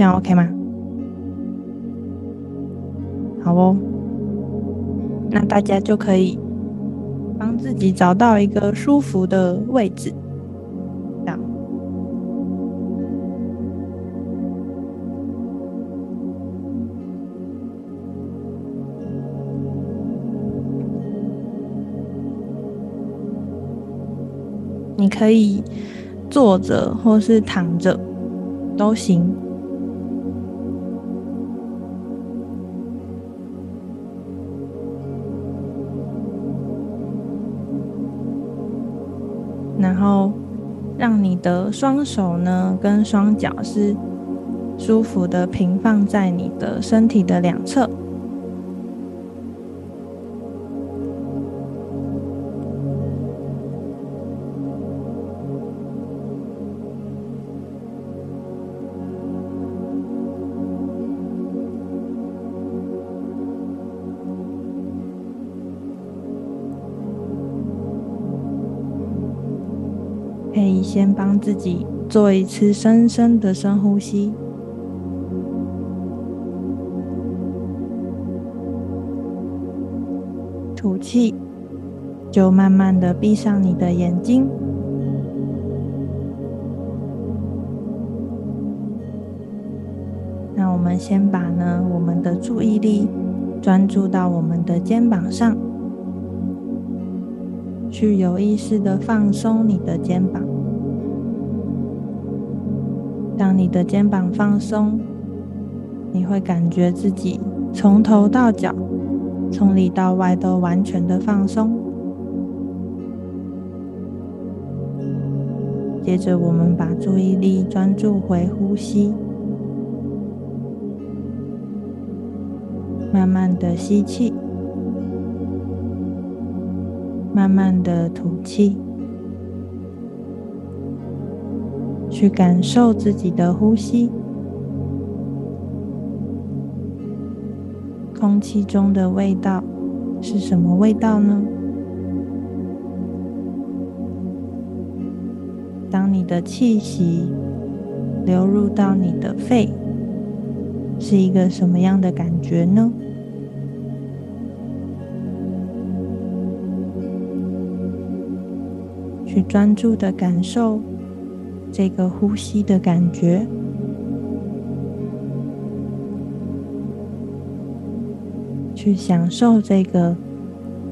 這樣 OK 嗎？好哦，那大家就可以幫自己找到一個舒服的位置。這樣，你可以坐着或是躺着都行。然後，讓你的雙手呢，跟雙腳是舒服的平放在你的身體的兩側。先幫自己做一次深深的深呼吸，吐氣，就慢慢的閉上你的眼睛。那我們先把呢我們的注意力專注到我們的肩膀上，去有意識的放鬆你的肩膀。當你的肩膀放鬆，你會感覺自己從頭到腳，從裡到外都完全的放鬆。接着，我們把注意力專注回呼吸，慢慢的吸氣，慢慢的吐氣。去感受自己的呼吸，空氣中的味道是什麼味道呢？當你的氣息流入到你的肺，是一個什麼樣的感覺呢？去專注的感受。這個呼吸的感覺，去享受這個，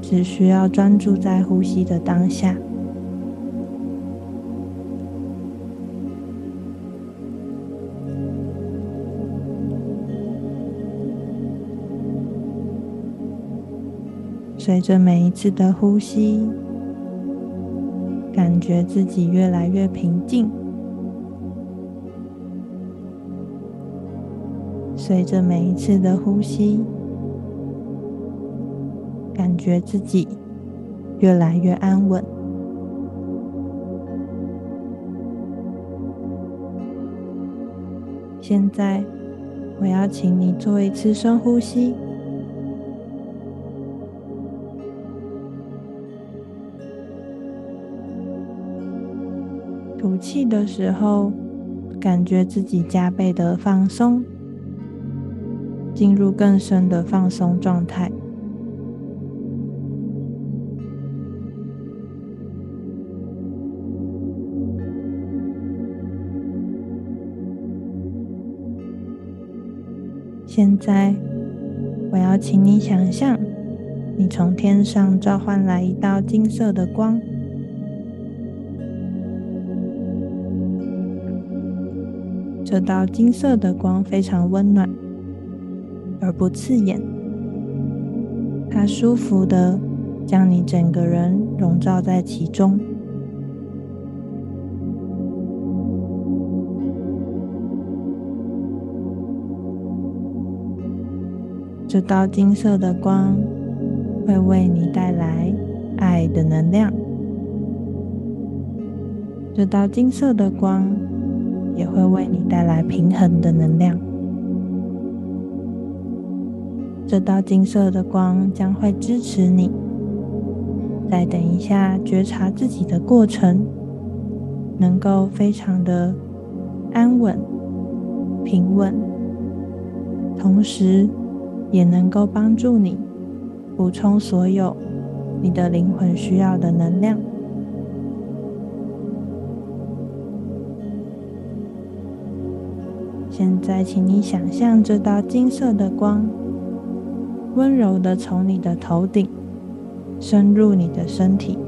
只需要專注在呼吸的當下。隨着每一次的呼吸，感覺自己越來越平靜。隨着每一次的呼吸，感覺自己越來越安穩。現在，我要請你做一次深呼吸。吐氣的時候，感覺自己加倍的放鬆。進入更深的放鬆狀態。現在，我要請你想象，你從天上召喚來一道金色的光。這道金色的光非常溫暖。而不刺眼，它舒服的將你整個人籠罩在其中。這道金色的光會為你帶來愛的能量，這道金色的光也會為你帶來平衡的能量。這道金色的光將會支持你。再等一下，覺察自己的過程能夠非常的安穩、平穩，同時也能夠幫助你補充所有你的靈魂需要的能量。現在，請你想象這道金色的光。溫柔的從你的頭頂深入你的身體，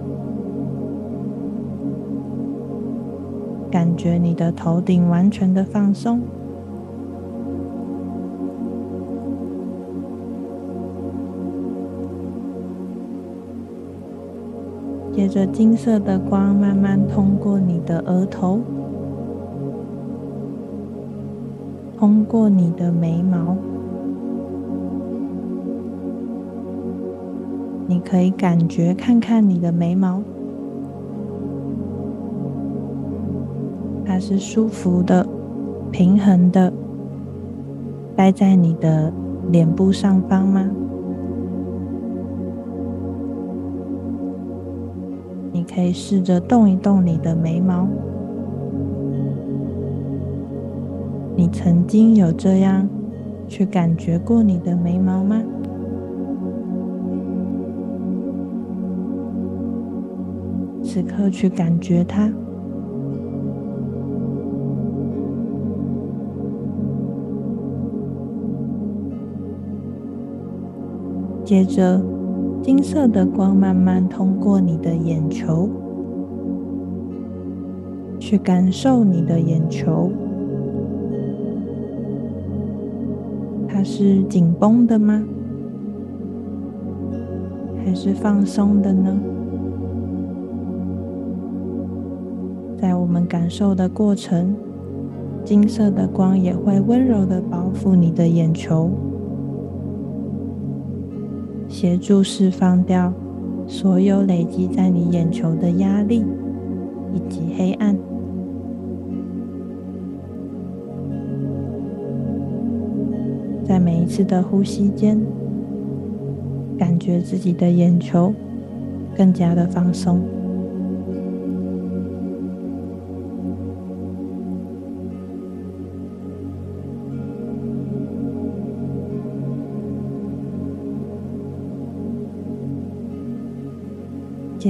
感覺你的頭頂完全的放鬆。接着，金色的光慢慢通過你的額頭，通過你的眉毛。你可以感覺看看你的眉毛，它是舒服的、平衡的，待在你的臉部上方嗎？你可以試着動一動你的眉毛。你曾經有這樣去感覺過你的眉毛嗎？此刻去感覺它。接着，金色的光慢慢通過你的眼球，去感受你的眼球，它是緊繃的嗎？還是放鬆的呢？在我們感受的過程，金色的光也會溫柔的包覆你的眼球，協助釋放掉所有累積在你眼球的壓力以及黑暗。在每一次的呼吸間，感覺自己的眼球更加的放鬆。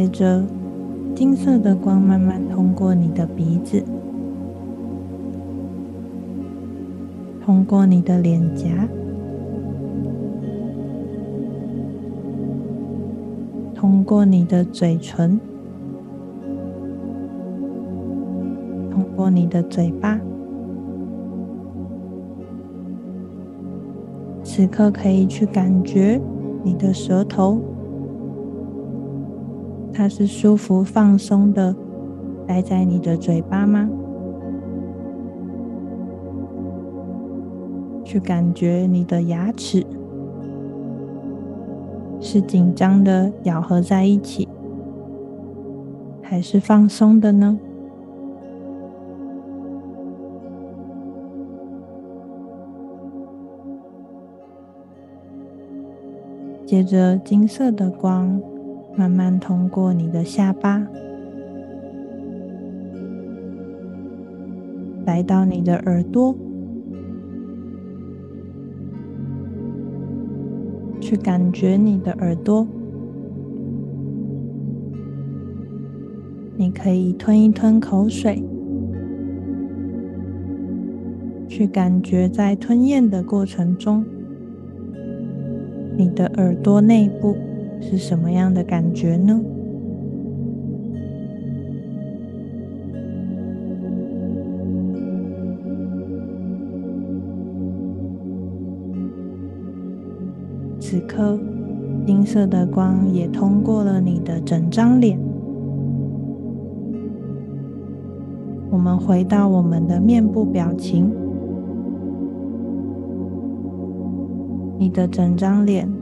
接着，金色的光慢慢通過你的鼻子，通過你的臉頰，通過你的嘴唇，通過你的嘴巴。此刻可以去感覺你的舌頭。它是舒服放鬆的，待在你的嘴巴嗎？去感覺你的牙齒是緊張的咬合在一起，還是放鬆的呢？接着金色的光。慢慢通過你的下巴，來到你的耳朵，去感覺你的耳朵。你可以吞一吞口水，去感覺在吞咽的過程中，你的耳朵內部。是什麼樣的感覺呢？此刻，金色的光也通過了你的整張臉。我們回到我們的面部表情。你的整張臉。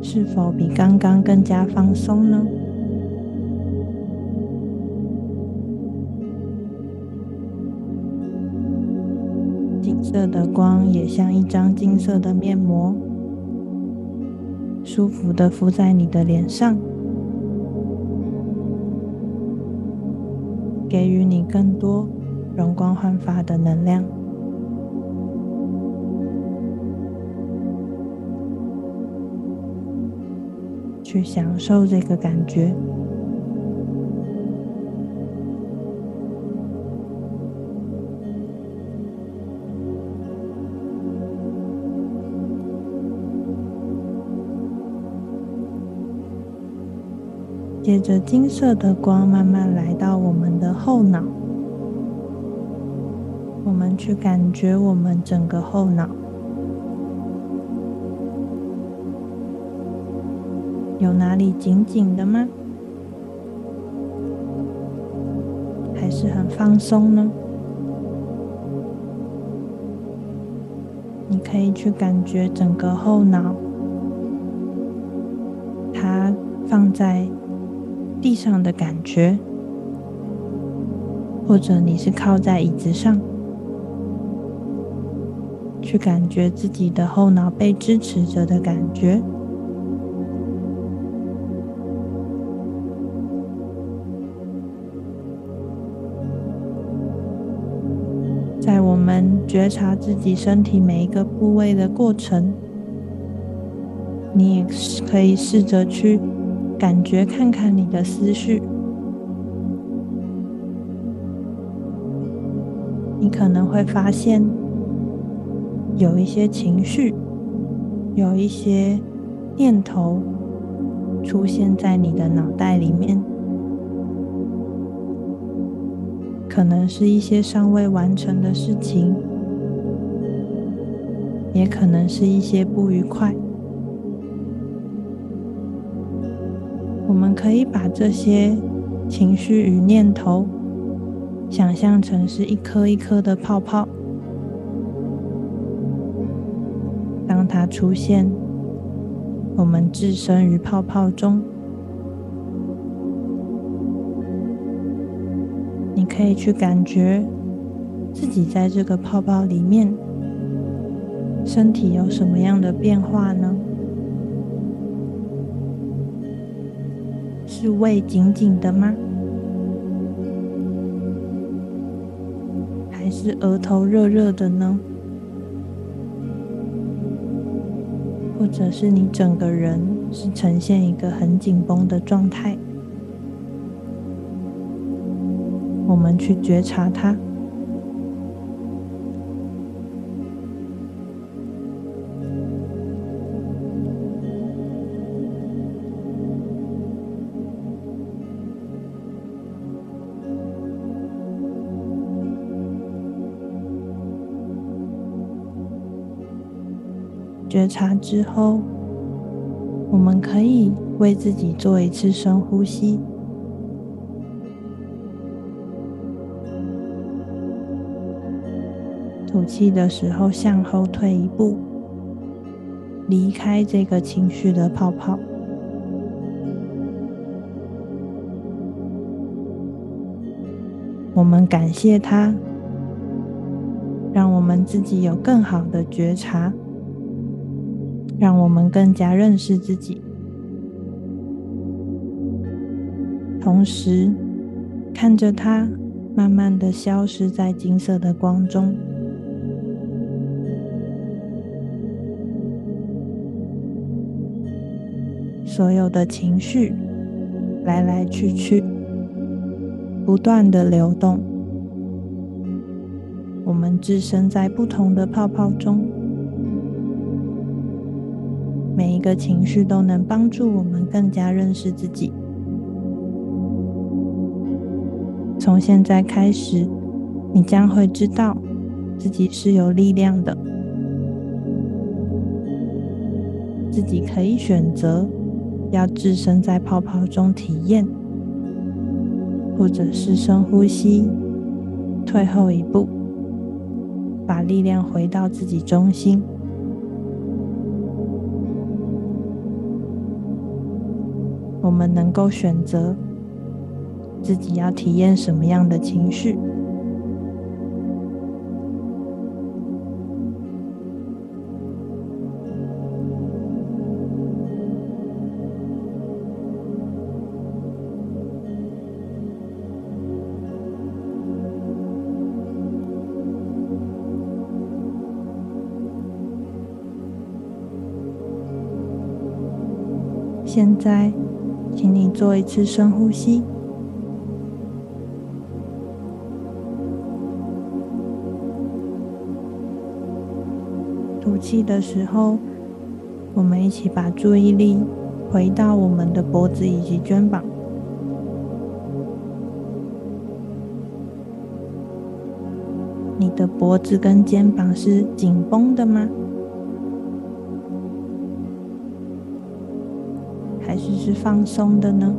是否比剛剛更加放鬆呢？金色的光也像一張金色的面膜，舒服的敷在你的臉上，給予你更多容光煥發的能量。去享受這個感覺。接着，金色的光慢慢來到我們的後腦，我們去感覺我們整個後腦。有哪裡緊緊的嗎？還是很放鬆呢？你可以去感覺整個後腦，它放在地上的感覺，或者你是靠在椅子上，去感覺自己的後腦被支持着的感覺。覺察自己身體每一個部位的過程，你也可以試着去感覺看看你的思緒。你可能會發現有一些情緒，有一些念頭出現在你的腦袋裡面，可能是一些尚未完成的事情。也可能是一些不愉快，我們可以把這些情緒與念頭想象成是一顆一顆的泡泡。當它出現，我們置身於泡泡中，你可以去感覺自己在這個泡泡裡面。身體有什麼樣的變化呢？是胃緊緊的嗎？還是額頭熱熱的呢？或者是你整個人是呈現一個很緊繃的狀態？我們去覺察它。覺察之後，我們可以為自己做一次深呼吸。吐氣的時候，向後退一步，離開這個情緒的泡泡。我們感謝它，讓我們自己有更好的覺察。讓我們更加認識自己，同時看着它慢慢的消失在金色的光中。所有的情緒來來去去，不斷的流動，我們置身在不同的泡泡中。每一個情緒都能幫助我們更加認識自己。從現在開始，你將會知道自己是有力量的。自己可以選擇要置身在泡泡中體驗，或者是深呼吸，退後一步，把力量回到自己中心。我們能夠選擇自己要體驗什麼樣的情緒。現在。做一次深呼吸。吐氣的時候，我們一起把注意力回到我們的脖子以及肩膀。你的脖子跟肩膀是緊繃的嗎？是放鬆的呢，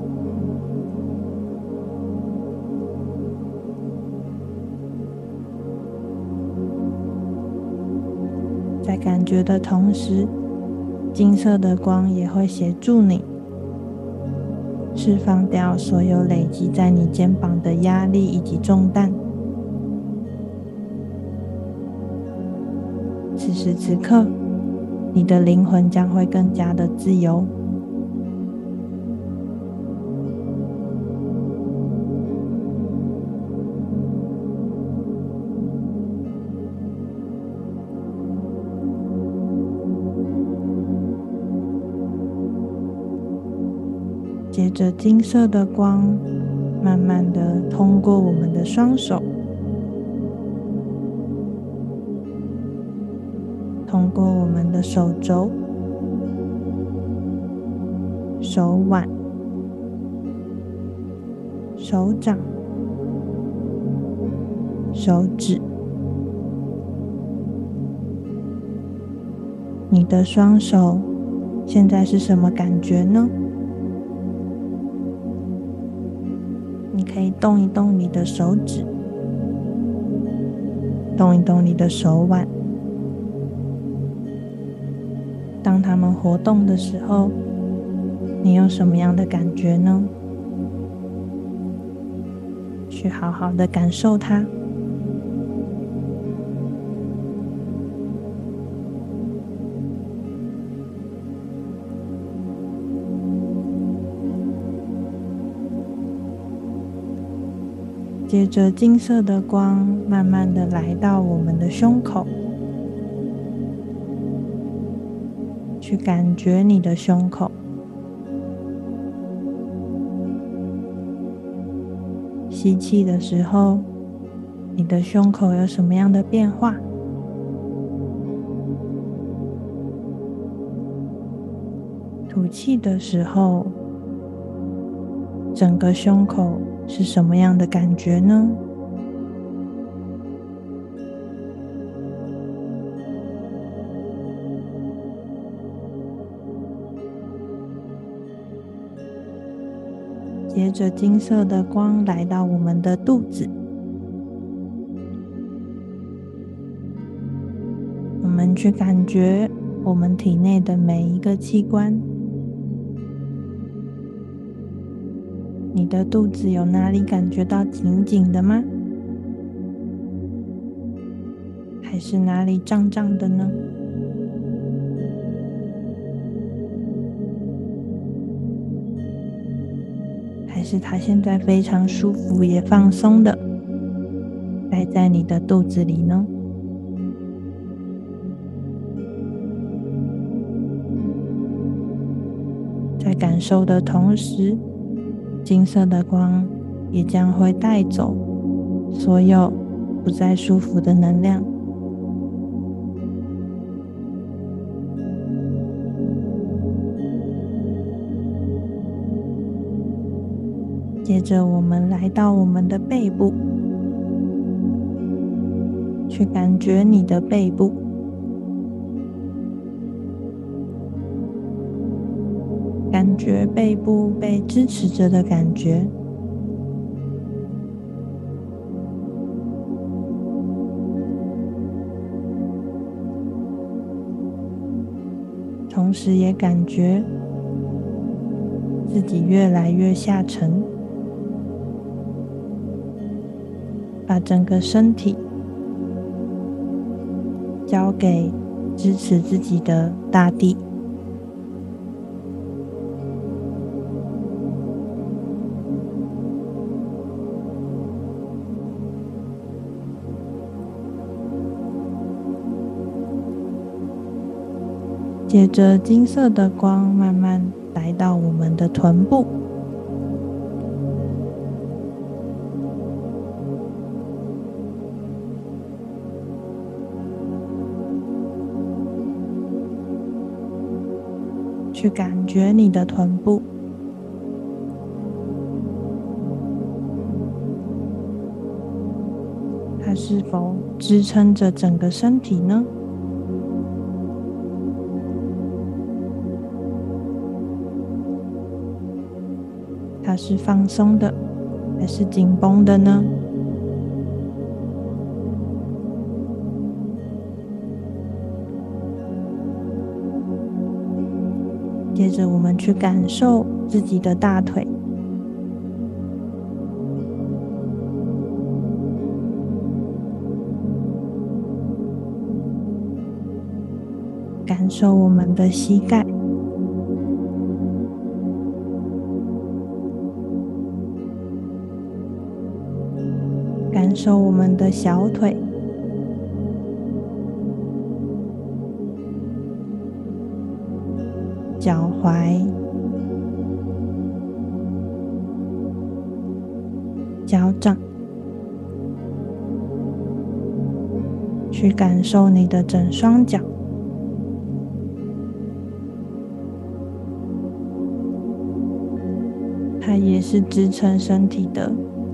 在感覺的同時，金色的光也會協助你釋放掉所有累積在你肩膀的壓力以及重擔。此時此刻，你的靈魂將會更加的自由。這金色的光，慢慢的通過我們的雙手，通過我們的手肘、手腕、手掌、手指，你的雙手現在是什麼感覺呢？你可以動一動你的手指，動一動你的手腕。當它們活動的時候，你有什麼樣的感覺呢？去好好的感受它。接着，金色的光慢慢的來到我們的胸口，去感覺你的胸口。吸氣的時候，你的胸口有什麼樣的變化？吐氣的時候，整個胸口。是什麼樣的感覺呢？接着金色的光來到我們的肚子，我們去感覺我們體內的每一個器官。你的肚子有哪裡感覺到緊緊的嗎？還是哪裡脹脹的呢？還是他現在非常舒服也放鬆的待在你的肚子裡呢？在感受的同時。金色的光也將會帶走所有不再舒服的能量。接着，我們來到我們的背部，去感覺你的背部。覺背部被支持着的感覺，同時也感覺自己越來越下沉，把整個身體交給支持自己的大地。借着，金色的光慢慢來到我們的臀部，去感覺你的臀部，它是否支撐着整個身體呢？它是放鬆的，還是緊繃的呢？接着，我們去感受自己的大腿，感受我們的膝蓋。收我們的小腿、腳踝、腳掌，去感受你的整雙腳，它也是支撐身體的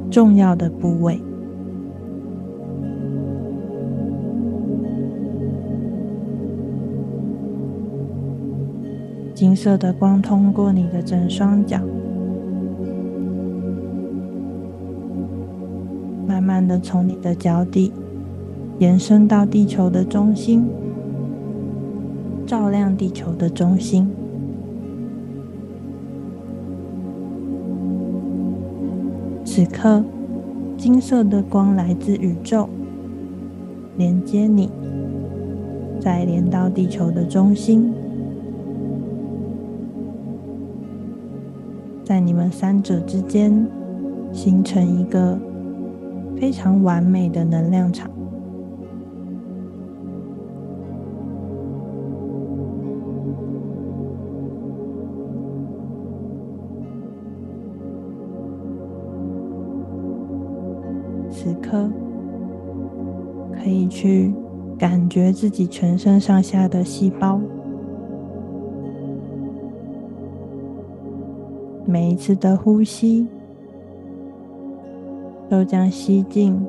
重要的部位。金色的光通過你的整雙腳，慢慢的從你的腳底延伸到地球的中心，照亮地球的中心。此刻，金色的光來自宇宙，連接你，再連到地球的中心。在你們三者之間形成一個非常完美的能量場。此刻，可以去感覺自己全身上下的細胞。每一次的呼吸都將吸進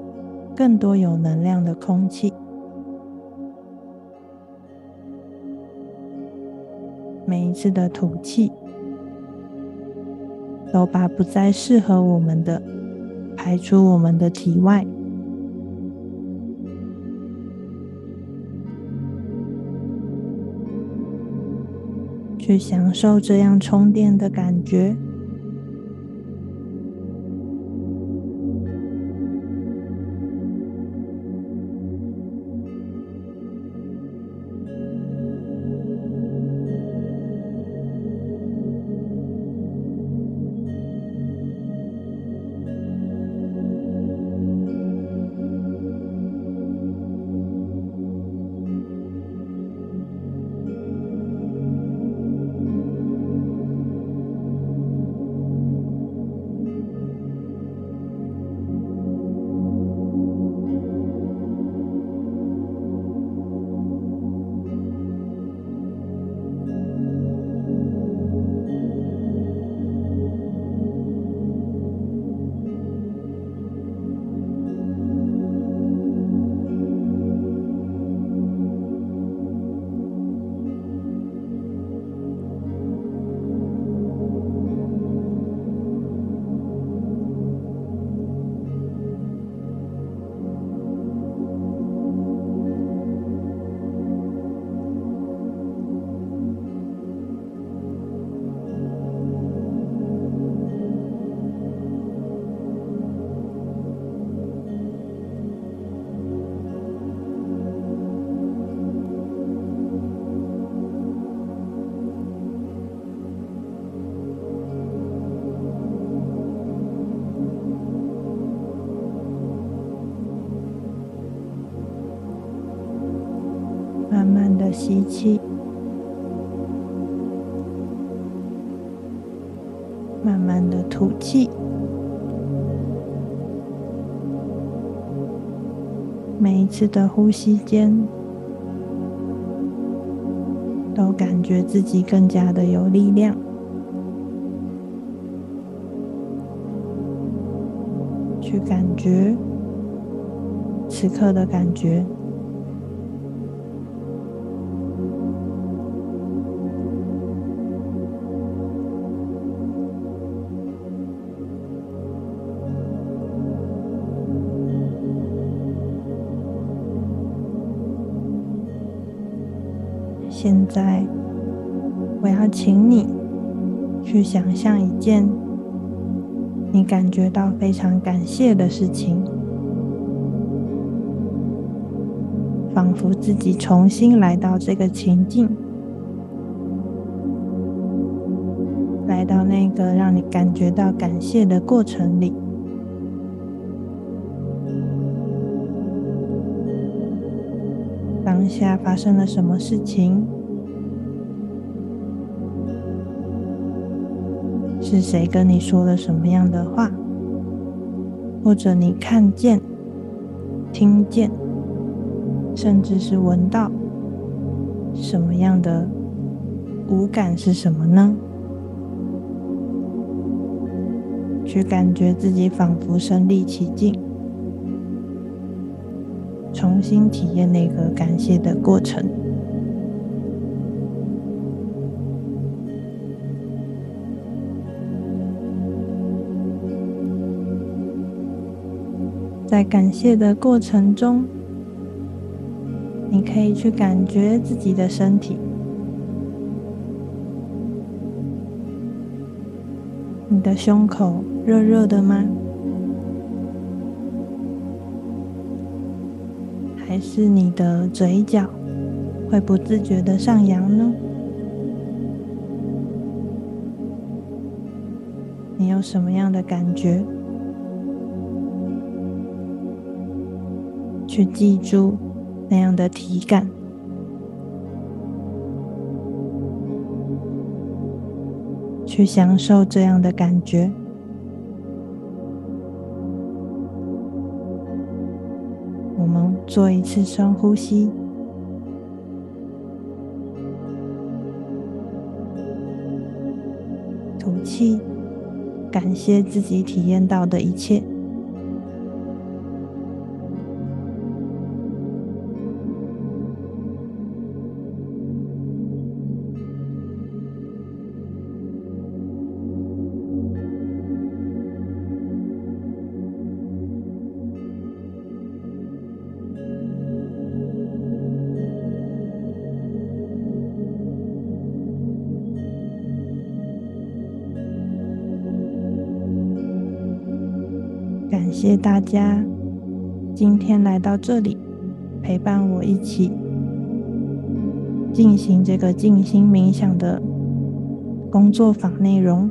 更多有能量的空氣，每一次的吐氣都把不再適合我們的排出我們的體外，去享受這樣充電的感覺。慢慢的吸氣，慢慢的吐氣，每一次的呼吸間，都感覺自己更加的有力量，去感覺此刻的感覺。想象一件你感覺到非常感謝的事情，仿佛自己重新來到這個情境，來到那個讓你感覺到感謝的過程裡，當下發生了什麼事情？是誰跟你說了什麼樣的話？或者你看見、聽見，甚至是聞到什麼樣的五感是什麼呢？去感覺自己仿佛身臨其境，重新體驗那個感謝的過程。在感謝的過程中，你可以去感覺自己的身體，你的胸口熱熱的嗎？還是你的嘴角會不自覺的上揚呢？你有什麼樣的感覺？去記住那樣的體感，去享受這樣的感覺。我們做一次深呼吸，吐氣，感謝自己體驗到的一切。謝謝大家今天來到這裡，陪伴我一起進行這個靜心冥想的工作坊內容。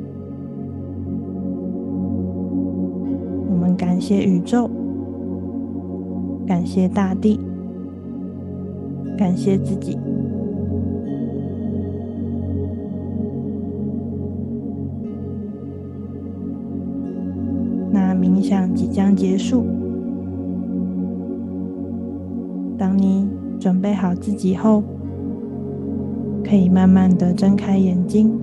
我們感謝宇宙，感謝大地，感謝自己。冥想即將結束。當你準備好自己後，可以慢慢地睜開眼睛。